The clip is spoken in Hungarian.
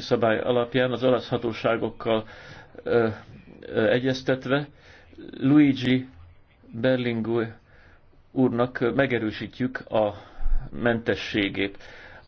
szabály alapján az olasz hatóságokkal ö, ö, egyeztetve Luigi Berlingu úrnak megerősítjük a mentességét.